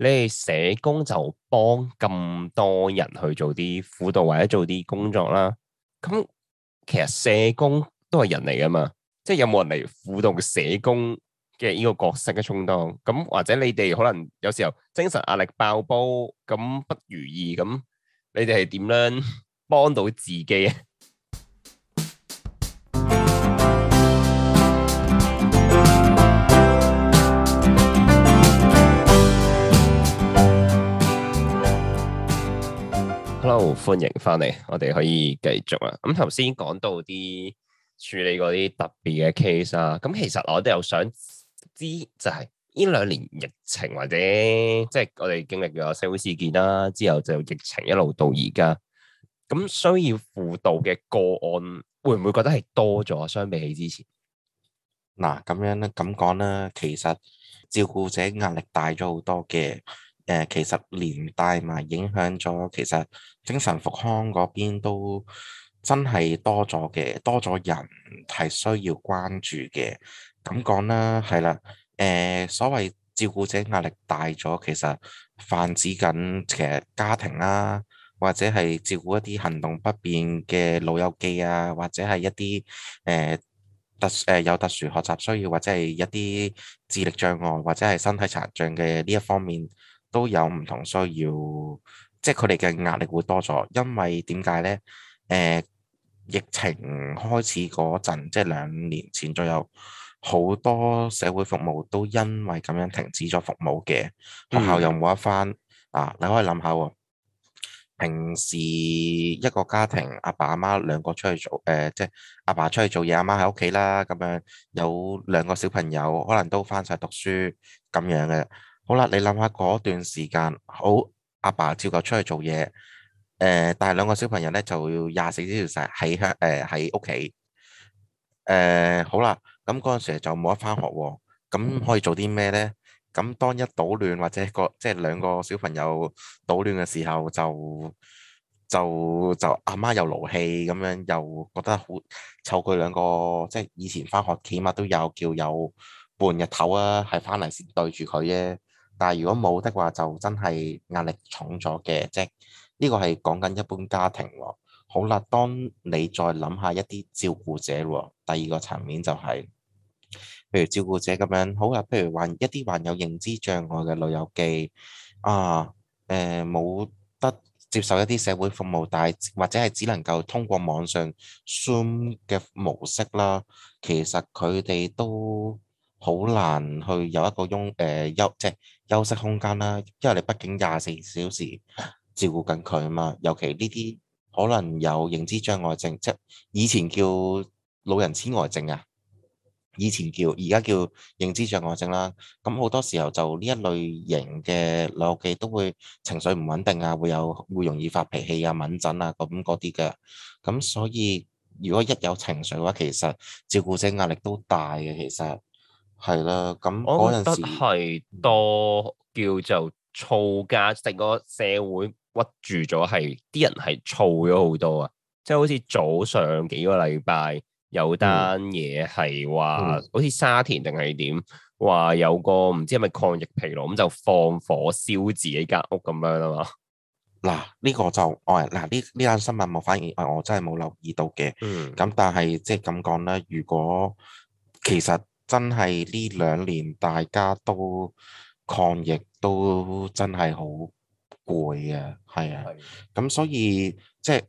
你哋社工就幫咁多人去做啲輔導或者做啲工作啦，咁其實社工都係人嚟噶嘛，即係有冇人嚟輔導社工嘅呢個角色嘅充當？咁或者你哋可能有時候精神壓力爆煲，咁不如意，咁你哋係點樣幫到自己？ Hello，歡迎翻嚟，我哋可以繼續啊。咁頭先講到啲處理嗰啲特別嘅 case 啊。咁其實我都有想知，就係呢兩年疫情或者即係我哋經歷咗社會事件啦，之後就疫情一路到而家，咁需要輔導嘅個案會唔會覺得係多咗？相比起之前，嗱咁樣咧咁講啦，其實照顧者壓力大咗好多嘅。誒、呃，其實連帶埋影響咗，其實精神復康嗰邊都真係多咗嘅，多咗人係需要關注嘅。咁講啦，係啦，誒、呃，所謂照顧者壓力大咗，其實泛指緊其實家庭啦、啊，或者係照顧一啲行動不便嘅老友記啊，或者係一啲誒、呃、特誒、呃、有特殊學習需要，或者係一啲智力障礙，或者係身體殘障嘅呢一方面。都有唔同需要，即係佢哋嘅壓力會多咗，因為點解咧？誒、呃，疫情開始嗰陣，即係兩年前，左右，好多社會服務都因為咁樣停止咗服務嘅，學校又冇得翻。嗯、啊，你可以諗下喎，平時一個家庭阿爸阿媽，媽兩個出去做，誒、呃，即係阿爸出去做嘢，阿媽喺屋企啦，咁樣有兩個小朋友可能都翻晒讀書咁樣嘅。好啦，你諗下嗰段時間，好阿爸，爸照舊出去做嘢，誒、呃，但係兩個小朋友咧就要廿四小時成日喺誒喺屋企，誒、呃呃，好啦，咁嗰陣時就冇得翻學，咁可以做啲咩咧？咁當一搗亂或者個即係兩個小朋友搗亂嘅時候，就就就阿媽又勞氣咁樣，又覺得好湊佢兩個，即係以前翻學起碼都有叫有半日頭啊，係翻嚟先對住佢啫。但係如果冇的話，就真係壓力重咗嘅。即呢個係講緊一般家庭喎。好啦，當你再諗下一啲照顧者喎，第二個層面就係，譬如照顧者咁樣。好啦，譬如話一啲患有認知障礙嘅老友記啊，誒、呃、冇得接受一啲社會服務，但係或者係只能夠通過網上 Zoom 嘅模式啦。其實佢哋都～好難去有一個慵、誒、休即係休息空間啦，因為你畢竟廿四小時照顧緊佢啊嘛，尤其呢啲可能有認知障礙症，即係以前叫老人痴呆症啊，以前叫而家叫認知障礙症啦。咁好多時候就呢一類型嘅老友記都會情緒唔穩定啊，會有會容易發脾氣啊、敏感啊咁，嗰啲嘅。咁所以如果一有情緒嘅話，其實照顧者壓力都大嘅，其實。係啦，咁我覺得係多叫做燥價，成個社會屈住咗，係啲人係燥咗、嗯、好多啊！即係好似早上幾個禮拜有單嘢，係話，嗯、好似沙田定係點，話有個唔知係咪抗疫疲勞，咁就放火燒自己間屋咁樣啊嘛！嗱，呢個就我嗱呢呢單新聞我反而我真係冇留意到嘅，咁、嗯、但係即係咁講啦，如果其實。真係呢兩年大家都抗疫都真係好攰啊，係啊，咁的所以即係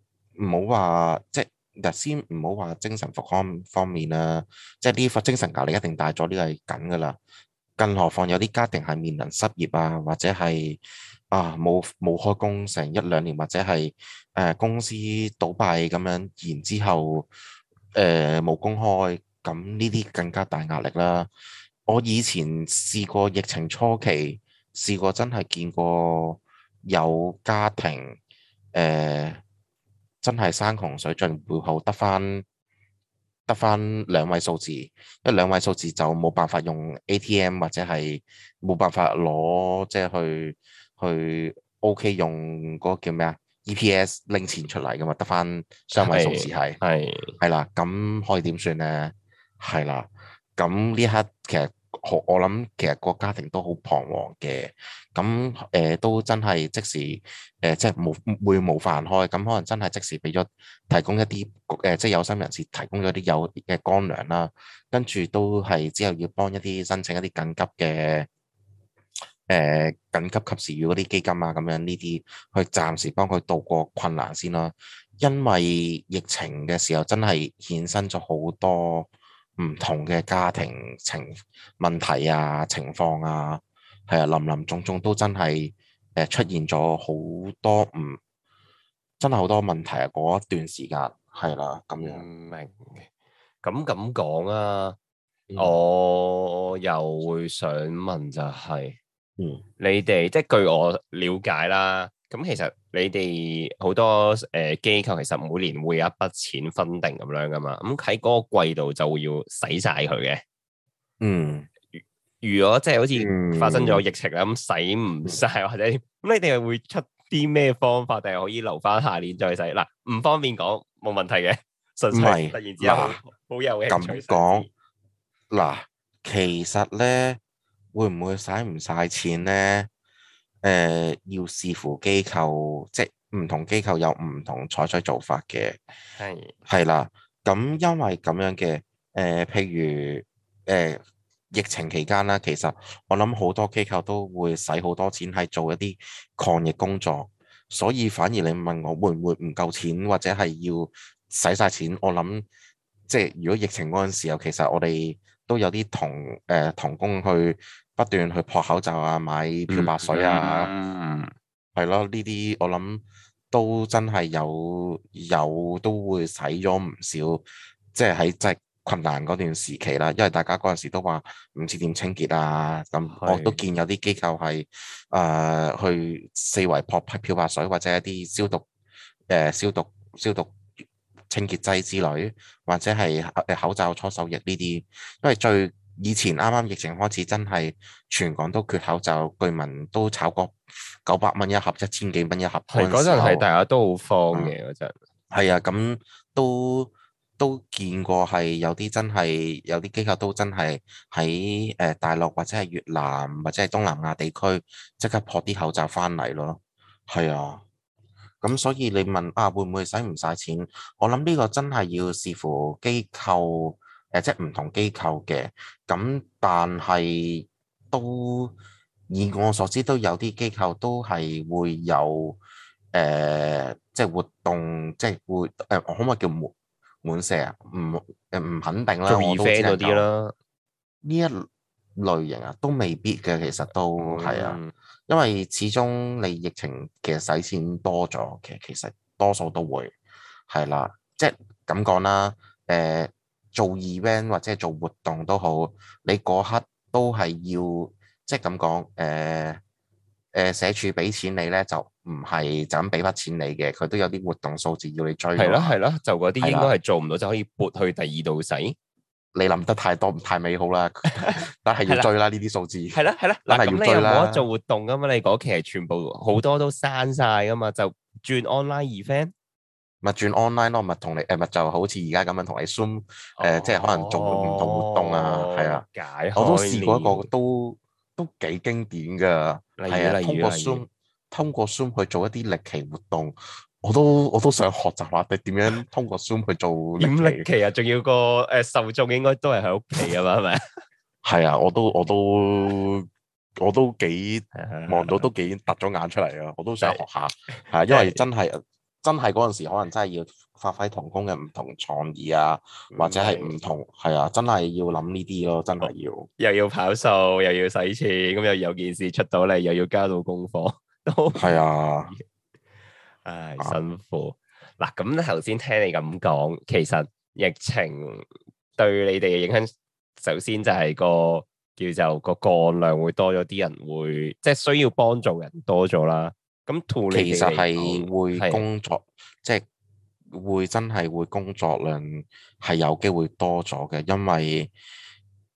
唔好話即係先唔好話精神復康方面啦，即係呢塊精神壓力一定大咗，呢個係緊噶啦。更何況有啲家庭係面臨失業啊，或者係啊冇冇開工成一兩年，或者係誒、呃、公司倒閉咁樣，然之後誒冇工開。咁呢啲更加大壓力啦！我以前試過疫情初期，試過真係見過有家庭誒、呃，真係山窮水盡，背後得返得返兩位數字，因為兩位數字就冇辦法用 ATM 或者係冇辦法攞即係去去 OK 用嗰個叫咩啊 EPS 拎錢出嚟噶嘛，得返雙位數字係係係啦，咁可以點算咧？係啦，咁呢刻其實我我諗，其實，其實個家庭都好彷徨嘅。咁誒、呃，都真係即時誒、呃，即係無會冇飯開。咁可能真係即時俾咗提供一啲誒、呃，即係有心人士提供咗啲有嘅乾糧啦。跟住都係之後要幫一啲申請一啲緊急嘅誒，緊、呃、急及時雨嗰啲基金啊，咁樣呢啲去暫時幫佢度過困難先啦。因為疫情嘅時候，真係衍生咗好多。唔同嘅家庭情問題啊，情況啊，係啊，林林總總都真係誒出現咗好多唔真係好多問題啊！嗰一段時間係啦，咁樣明，咁咁講啊，我又會想問就係、是，嗯，你哋即係據我了解啦。咁其實你哋好多誒、呃、機構其實每年會有一筆錢分定咁樣㗎嘛，咁喺嗰個季度就會要使晒佢嘅。嗯，如，如果即係好似發生咗疫情啦，咁使唔晒或者咁，你哋會出啲咩方法，定係可以留翻下年再使？嗱，唔方便講，冇問題嘅，順勢突然之間好來有趣。咁講嗱，其實咧會唔會使唔晒錢咧？誒、呃，要視乎機構，即係唔同機構有唔同採取做法嘅，係係啦。咁因為咁樣嘅，誒、呃，譬如誒、呃，疫情期間啦，其實我諗好多機構都會使好多錢喺做一啲抗疫工作，所以反而你問我會唔會唔夠錢，或者係要使晒錢，我諗即係如果疫情嗰陣時候，又其實我哋都有啲同誒、呃，同工去。不斷去撲口罩啊，買漂白水啊，係咯、嗯，呢、嗯、啲我諗都真係有有都會使咗唔少，即係喺即係困難嗰段時期啦，因為大家嗰陣時都話唔知點清潔啊，咁我都見有啲機構係誒、呃、去四圍撲漂白水或者一啲消毒誒、呃、消毒消毒清潔劑之類，或者係誒、呃、口罩搓手液呢啲，因為最以前啱啱疫情開始，真係全港都缺口罩，據聞都炒過九百蚊一盒、一千幾蚊一盒。係嗰陣係大家都好慌嘅嗰陣。係、嗯、啊，咁都都見過係有啲真係有啲機構都真係喺誒大陸或者係越南或者係東南亞地區即刻撲啲口罩翻嚟咯。係啊，咁所以你問啊會唔會使唔使錢？我諗呢個真係要視乎機構。誒、呃、即係唔同機構嘅，咁但係都以我所知，都有啲機構都係會有誒、呃，即係活動，即係會誒、呃，可唔可以叫滿滿瀉啊？唔誒唔肯定啦，啦我都知道。啲啦，呢一類型啊，都未必嘅。其實都係啊，嗯嗯、因為始終你疫情其實使錢多咗嘅，其實多數都會係啦，即係咁講啦，誒、呃。做 event 或者做活動都好，你嗰刻都係要，即係咁講，誒、呃、誒，社署俾錢你咧，就唔係就咁俾筆錢你嘅，佢都有啲活動數字要你追。係咯係咯，就嗰啲應該係做唔到，就可以撥去第二度使。啊、你諗得太多，唔太美好啦，但係要追啦呢啲數字。係咯係咯，但係要追啦。你有冇得做活動噶嘛？你嗰期係全部好多都刪晒噶嘛，就轉 online event。物轉 online 咯，咪同你誒咪就好似而家咁樣同你 Zoom 誒、oh, 呃，即係可能做唔同活動啊，係、oh, 啊，解我都試過一個，都都幾經典噶。例如，啊、如通過 Zoom，如通過 Zoom 去做一啲力奇活動，我都我都想學習下你點樣通過 Zoom 去做，點力奇啊，仲要個誒、呃、受眾應該都係喺屋企啊嘛，係咪？係啊，我都我都我都，我都幾望到 都幾凸咗眼出嚟啊！我都想學下，係、啊、因為真係。 真係嗰陣時，可能真係要發揮同工嘅唔同創意啊，或者係唔同，係白啊，真係要諗呢啲咯，真係要又要跑數，又要使錢，咁又有件事出到嚟，又要加到功課，都 係 啊，唉、哎，辛苦。嗱、啊，咁頭先聽你咁講，其實疫情對你哋嘅影響，首先就係個叫做個案量會多咗，啲人會即係、就是、需要幫助人多咗啦。咁，其實係會工作，即係會真係會工作量係有機會多咗嘅，因為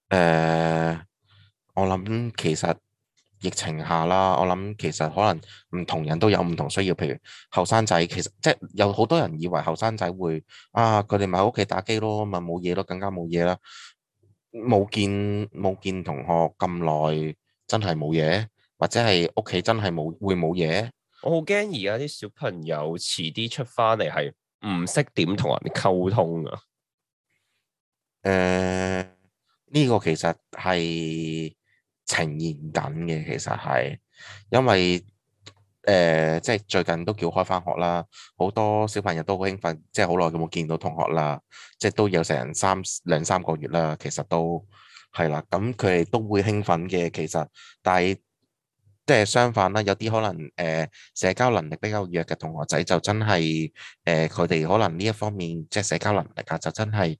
誒，我諗其實疫情下啦，我諗其實可能唔同人都有唔同需要。譬如後生仔，其實即係有好多人以為後生仔會啊，佢哋咪喺屋企打機咯，咪冇嘢咯，更加冇嘢啦，冇見冇見同學咁耐，真係冇嘢，或者係屋企真係冇會冇嘢。我好驚而家啲小朋友遲啲出翻嚟係唔識點同人哋溝通啊、呃！誒，呢個其實係呈現緊嘅，其實係因為誒、呃，即係最近都叫開翻學啦，好多小朋友都好興奮，即係好耐都冇見到同學啦，即係都有成三兩三個月啦，其實都係啦，咁佢哋都會興奮嘅，其實，但係。即係相反啦，有啲可能誒、呃、社交能力比較弱嘅同學仔就真係誒佢哋可能呢一方面即係社交能力啊，就真係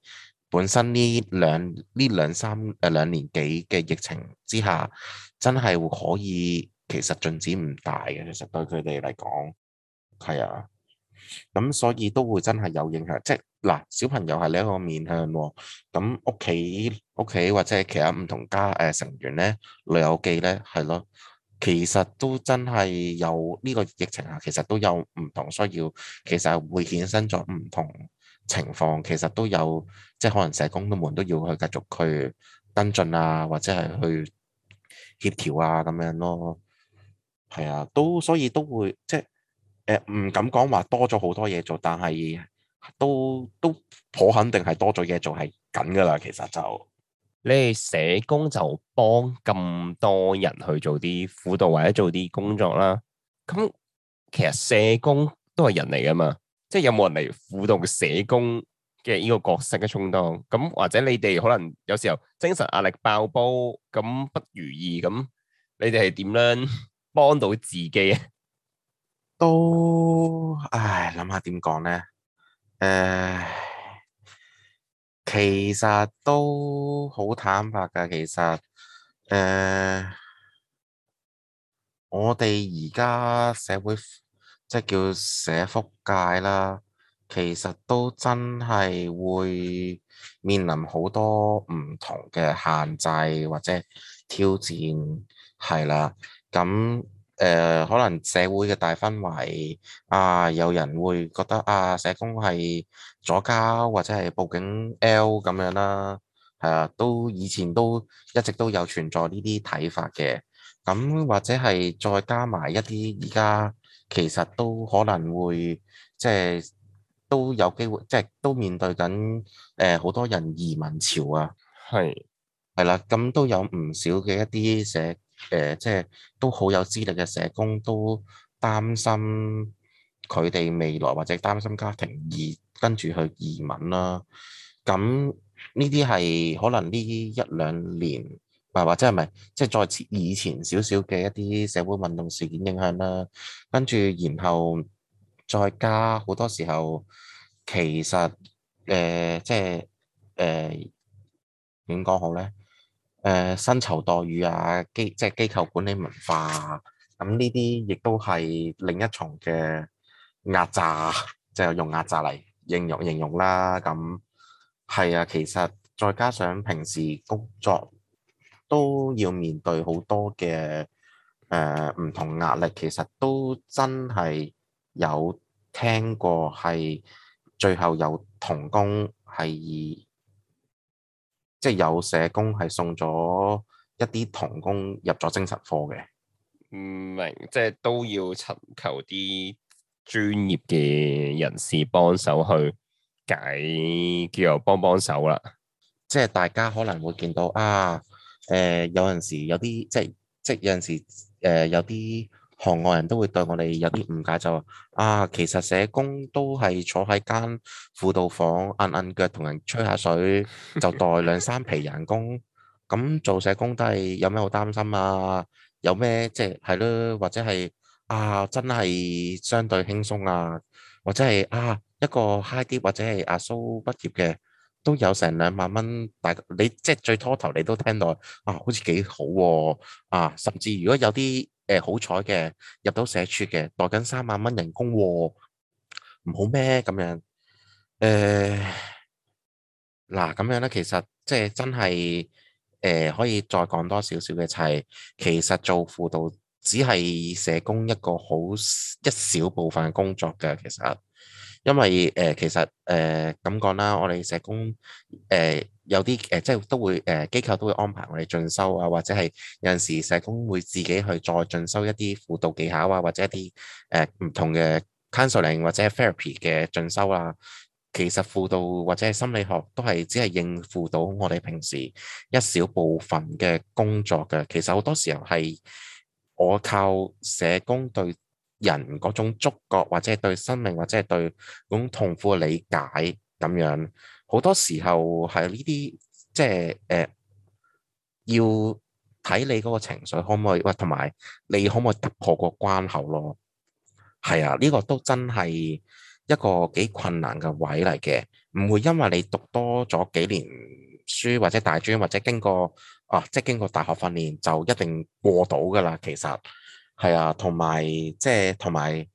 本身呢兩呢兩三誒兩年幾嘅疫情之下，真係可以其實進展唔大嘅。其實對佢哋嚟講，係啊，咁所以都會真係有影響。即係嗱，小朋友係你一個面向喎，咁屋企屋企或者係其他唔同家誒、呃、成員咧，旅遊記咧係咯。其實都真係有呢、這個疫情下，其實都有唔同需要，其實會衍生咗唔同情況，其實都有即係可能社工都門都要去繼續去跟進啊，或者係去協調啊咁樣咯。係啊，都所以都會即係誒，唔、呃、敢講話多咗好多嘢做，但係都都頗肯定係多咗嘢做係緊㗎啦。其實就。你哋社工就幫咁多人去做啲輔導或者做啲工作啦，咁其實社工都係人嚟噶嘛，即係有冇人嚟輔導社工嘅呢個角色嘅衝動？咁或者你哋可能有時候精神壓力爆煲，咁不如意，咁你哋係點樣幫到自己啊？都，唉，諗下點講咧，誒。其實都好坦白㗎，其實誒、呃，我哋而家社會即係叫社福界啦，其實都真係會面臨好多唔同嘅限制或者挑戰，係啦，咁。誒、呃，可能社會嘅大氛圍啊，有人會覺得啊，社工係左膠，或者係報警 L 咁樣啦，係啊，都以前都一直都有存在呢啲睇法嘅。咁或者係再加埋一啲，而家其實都可能會即係、就是、都有機會，即、就、係、是、都面對緊誒，好、呃、多人移民潮啊，係係啦，咁都有唔少嘅一啲社。誒、呃，即係都好有資歷嘅社工，都擔心佢哋未來或者擔心家庭而跟住去移民啦。咁呢啲係可能呢一兩年，或或者係咪即係再前以前少少嘅一啲社會運動事件影響啦。跟住然後再加好多時候，其實誒、呃，即係誒，點、呃、講好咧？誒薪酬待遇啊，機即係機構管理文化，咁呢啲亦都係另一重嘅壓榨，就係用壓榨嚟形容形容啦。咁係啊，其實再加上平時工作都要面對好多嘅誒唔同壓力，其實都真係有聽過係最後有同工係。即係有社工係送咗一啲童工入咗精神科嘅，唔明，即係都要尋求啲專業嘅人士幫手去解叫，叫又幫幫手啦。即係大家可能會見到啊，誒、呃、有陣時有啲即係即係有陣時誒、呃、有啲。行外人都會對我哋有啲誤解，就話啊，其實社工都係坐喺間輔導房，揞揞腳同人吹下水，就代兩三皮人工。咁、嗯、做社工都係有咩好擔心啊？有咩即係係咯，或者係啊，真係相對輕鬆啊，或者係啊，一個 High Dip 或者係 Asso 畢業嘅，都有成兩萬蚊。大你即係最拖頭，你都聽到啊，好似幾好喎啊，啊，甚至如果有啲。誒好彩嘅，入到社署嘅，袋緊三萬蚊人工喎，唔、哦、好咩咁樣？誒嗱咁樣咧，其實即係真係誒、呃、可以再講多少少嘅就係，其實做輔導，只係社工一個好一小部分工作嘅，其實因為誒、呃，其實誒咁講啦，我哋社工誒、呃、有啲誒、呃，即係都會誒機、呃、構都會安排我哋進修啊，或者係有陣時社工會自己去再進修一啲輔導技巧啊，或者一啲誒唔同嘅 counseling 或者 therapy 嘅進修啊。其實輔導或者係心理學都係只係應付到我哋平時一小部分嘅工作嘅，其實好多時候係。我靠社工對人嗰種觸覺，或者係對生命，或者係對嗰種痛苦嘅理解咁樣，好多時候係呢啲，即係誒、呃、要睇你嗰個情緒可唔可以，同埋你可唔可以突破個關口咯？係啊，呢、這個都真係一個幾困難嘅位嚟嘅，唔會因為你讀多咗幾年書，或者大專，或者經過。啊，即係經過大學訓練就一定過到㗎喇，其實係啊，同埋即係同埋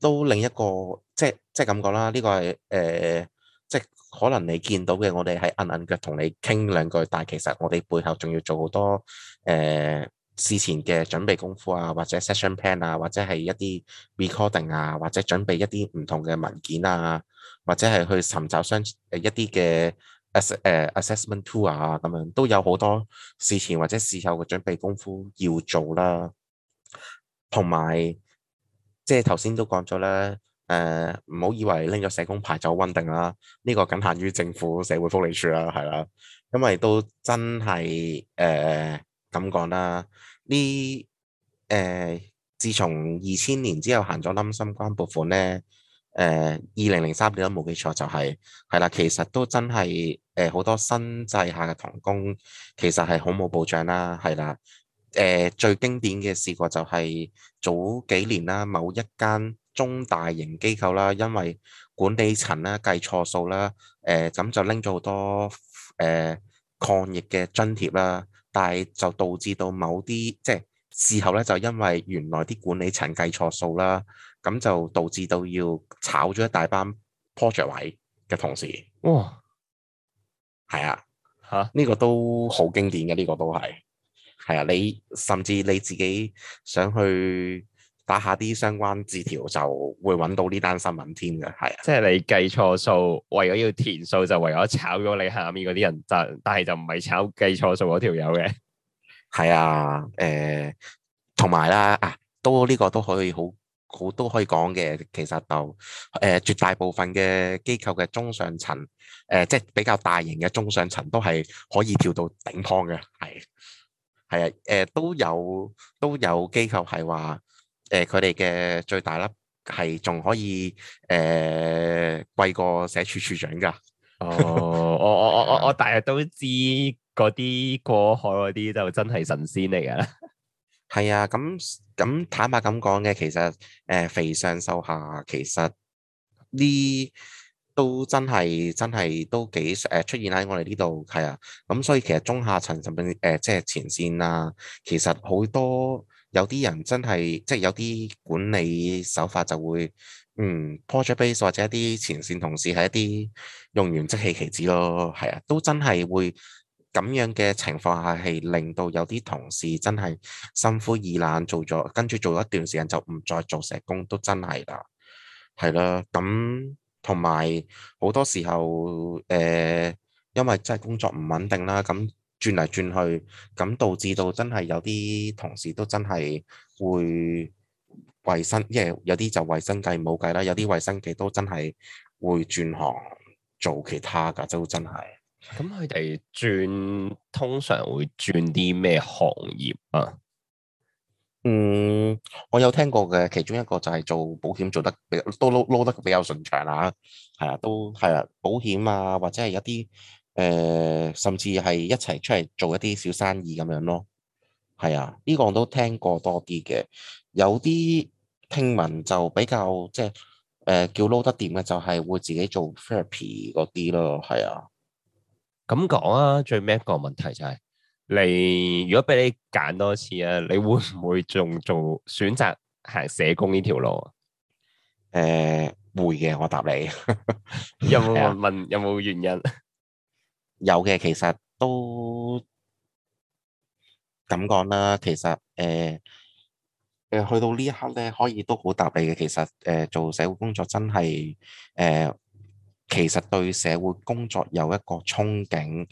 都另一個即係即係咁講啦，呢、這個係誒、呃、即係可能你見到嘅，我哋係硬硬腳同你傾兩句，但係其實我哋背後仲要做好多誒、呃、事前嘅準備功夫啊，或者 session plan 啊，或者係一啲 recording 啊，或者準備一啲唔同嘅文件啊，或者係去尋找相誒一啲嘅，ass assessment tour 啊，咁樣都有好多事前或者事後嘅準備功夫要做啦，同埋即係頭先都講咗啦，誒，唔好以為拎咗社工牌就好穩定啦，呢、呢個僅限於政府社會福利署啦，係啦，因為都真係誒咁講啦，呢、呃、誒、呃、自從二千年之後行咗冧心關撥款咧。呢誒，二零零三年都冇記錯、就是，就係係啦，其實都真係誒，好、呃、多新制下嘅同工，其實係好冇保障啦，係啦，誒、呃、最經典嘅事例就係、是、早幾年啦，某一間中大型機構啦，因為管理層啦計錯數啦，誒咁、呃、就拎咗好多誒、呃、抗疫嘅津貼啦，但係就導致到某啲即係。事後咧就因為原來啲管理層計錯數啦，咁就導致到要炒咗一大班 project 位嘅同事。哇、呃，係啊，吓呢哈個都好經典嘅，呢、這個都係，係啊，你甚至你自己想去打下啲相關字條，就會揾到呢單新聞添嘅。係啊，即係你計錯數，為咗要填數，就為咗炒咗你下面嗰啲人，但但係就唔係炒計錯數嗰條友嘅。 係啊，誒、呃，同埋啦，啊，都呢、這個都可以，好好都可以講嘅。其實就誒、呃，絕大部分嘅機構嘅中上層，誒、呃，即係比較大型嘅中上層都係可以跳到頂倉嘅。係，係啊，誒、啊呃，都有都有機構係話，誒、呃，佢哋嘅最大粒係仲可以誒貴、呃、過社署署長噶。哦、呃。 我我我我我，大約都知嗰啲過海嗰啲就真係神仙嚟噶。係啊，咁咁坦白咁講嘅，其實誒、呃、肥上瘦下，其實呢都真係真係都幾誒、呃、出現喺我哋呢度。係啊，咁所以其實中下層甚至誒即係前線啊，其實好多。有啲人真係，即係有啲管理手法就會，嗯，project base 或者一啲前線同事係一啲用完即棄棋子咯，係啊，都真係會咁樣嘅情況下係令到有啲同事真係心灰意冷，做咗跟住做咗一段時間就唔再做社工，都真係啦，係啦，咁同埋好多時候，誒、呃，因為真係工作唔穩定啦，咁。轉嚟轉去，咁導致到真係有啲同事都真係會維生，因為有啲就維生計冇計啦，有啲維生計都真係會轉行做其他㗎，都真係。咁佢哋轉通常會轉啲咩行業啊？嗯，我有聽過嘅，其中一個就係做保險做得都撈撈得比較順暢啦，係啊，都係啊，保險啊，或者係一啲。誒、呃，甚至係一齊出嚟做一啲小生意咁樣咯，係啊，呢、這個我都聽過多啲嘅，有啲聽聞就比較即係誒叫撈得掂嘅，就係會自己做 therapy 嗰啲咯，係啊。咁講啊，最尾一個問題就係、是、你如果俾你揀多一次啊，你會唔會仲做選擇行社工呢條路？誒、呃，會嘅，我答你。 有冇問、， 啊、問？有冇原因？有嘅，其實都咁講啦。其實誒誒、呃，去到呢一刻咧，可以都好答你嘅。其實誒、呃，做社會工作真係誒、呃，其實對社會工作有一個憧憬，誒、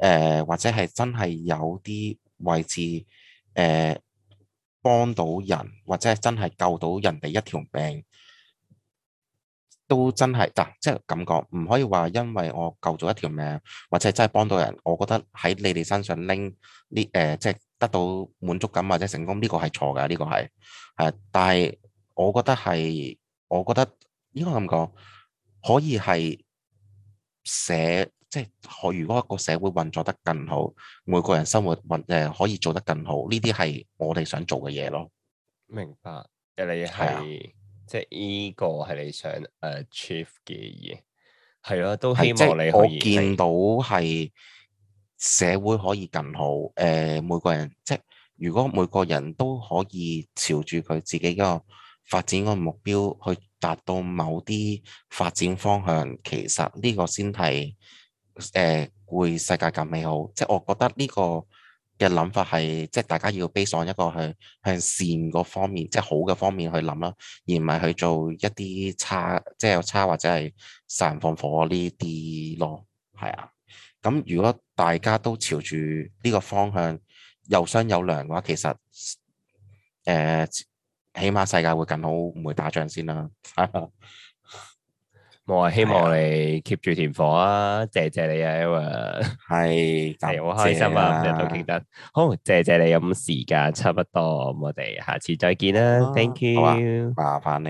呃，或者係真係有啲位置誒，幫、呃、到人，或者係真係救到人哋一條命。都真係嗱，啊，即係咁講，唔可以話因為我救咗一條命，或者真係幫到人，我覺得喺你哋身上拎，呢誒，即係得到滿足感或者成功，呢，這個係錯㗎。呢，這個係係，啊，但係我覺得係，我覺得應該咁講，可以係社即係可，如果一個社會運作得更好，每個人生活運誒、呃、可以做得更好，呢啲係我哋想做嘅嘢咯。明白，即係你係。即係呢個係你想誒 achieve 嘅嘢，係咯，都希望你可以見到係社會可以更好，誒、呃，每個人即係如果每個人都可以朝住佢自己個發展個目標去達到某啲發展方向，其實呢個先係誒、呃、會世界咁美好。即係我覺得呢、這個。嘅諗法係，即係大家要悲 a 一個去向善個方面，即係好嘅方面去諗啦，而唔係去做一啲差，即係有差或者係殺人放火呢啲咯。係啊，咁如果大家都朝住呢個方向，有商有量嘅話，其實誒、呃，起碼世界會更好，唔會打仗先啦。 我希望你 keep 住團火啊！謝謝你啊，Edward，係好開心啊，唔、啊、得都記得，好，謝謝你噉，時間差不多，我哋下次再見啦、啊、，Thank you，麻煩你。